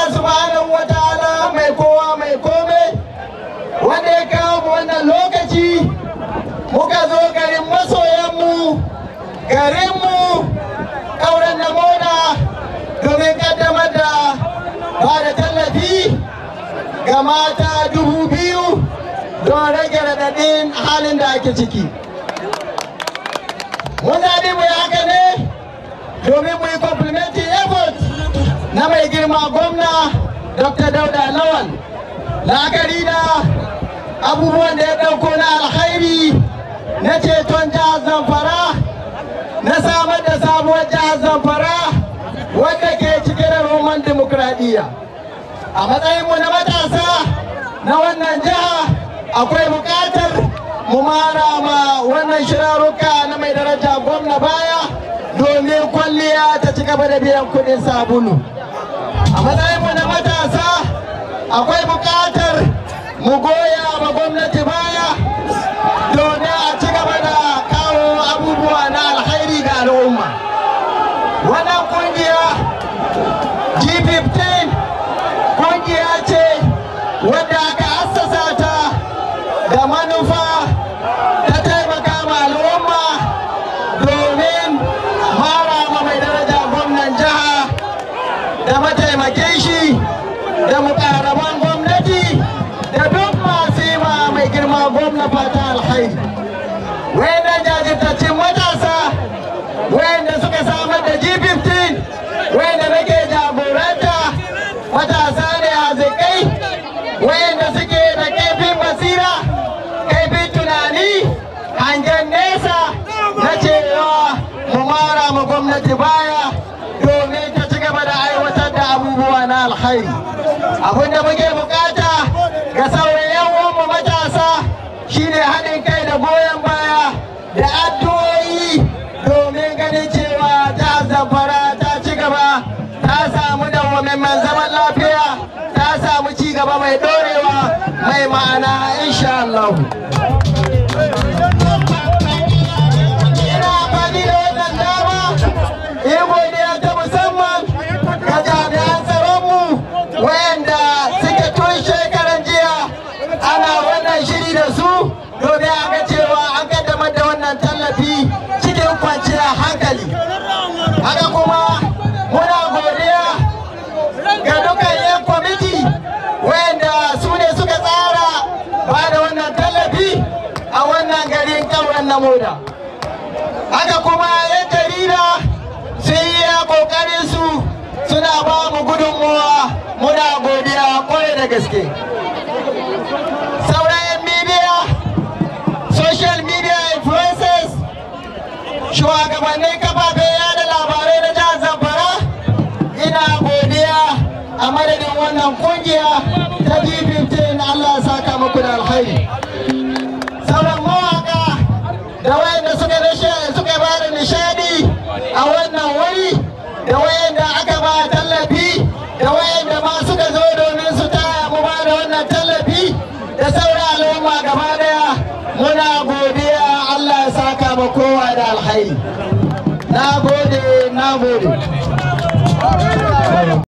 Allah subhanahu wataala mai kowa mai komai wanda ya kawo mu wannan lokaci muka zo garin masoyanmu garinmu ƙauren namona domin kaddamar da ba da tallafi ga mata dubu biyu don rage raɗaɗin halin da ake ciki muna bi mu haka ne domin mu yi complimenting na mai girma gwamna dr dauda lawal la'akari da abubuwan da ya ɗauko na alkhairi na ceton jihar zamfara na samar da sabuwar jihar zamfara wadda ke cike da roman demokradiyya a matsayinmu na matasa na wannan jiha akwai bukatar mu mara ma wannan shirarruka na mai daraja gwamna baya domin kwalliya ta ci gaba da biyan kudin sabulu. a matsayinmu na matasa akwai buƙatar mu goya ma gwamnati baya domin a ci gaba da kawo abubuwa na alkhairi ga al'umma wannan kungiya g15 kungiya ce wadda da gwamnati da duk masu yi mai girma gwamna fata alhaji wayannan jajirtaccen matasa wayanda suka samar da g15 wayanda nake jagoranta matasa ne a zikai wayanda suke da kaifin basira kaifin tunani hangen nesa na cewa mu mara ma gwamnati baya domin ta ci gaba da aiwatar da abubuwa na alhaji Abun da muke bukata ga sauran mu matasa shine haɗin kai da goyon baya da addu'o'i domin ganin cewa ta zamfara ta ci gaba ta samu dawwamammen zaman lafiya ta samu ci gaba mai dorewa mai ma'ana insha Allah yau domin a ga cewa an kaddamar da wannan tallafi cikin kwanciyar hankali haka kuma muna godiya ga dukkan 'yan kwamiti wayanda su ne suka tsara ba da wannan tallafi a wannan garin kauran na moda haka kuma 'yan jarida sun yi kokarin su suna ba mu gudunmuwa muna godiya kwarai da gaske social media influencers shugabannin kafafe yada labarai na jihar zamfara ina godiya a madadin wannan kungiya saka ba kowa da alhaini na gode na gode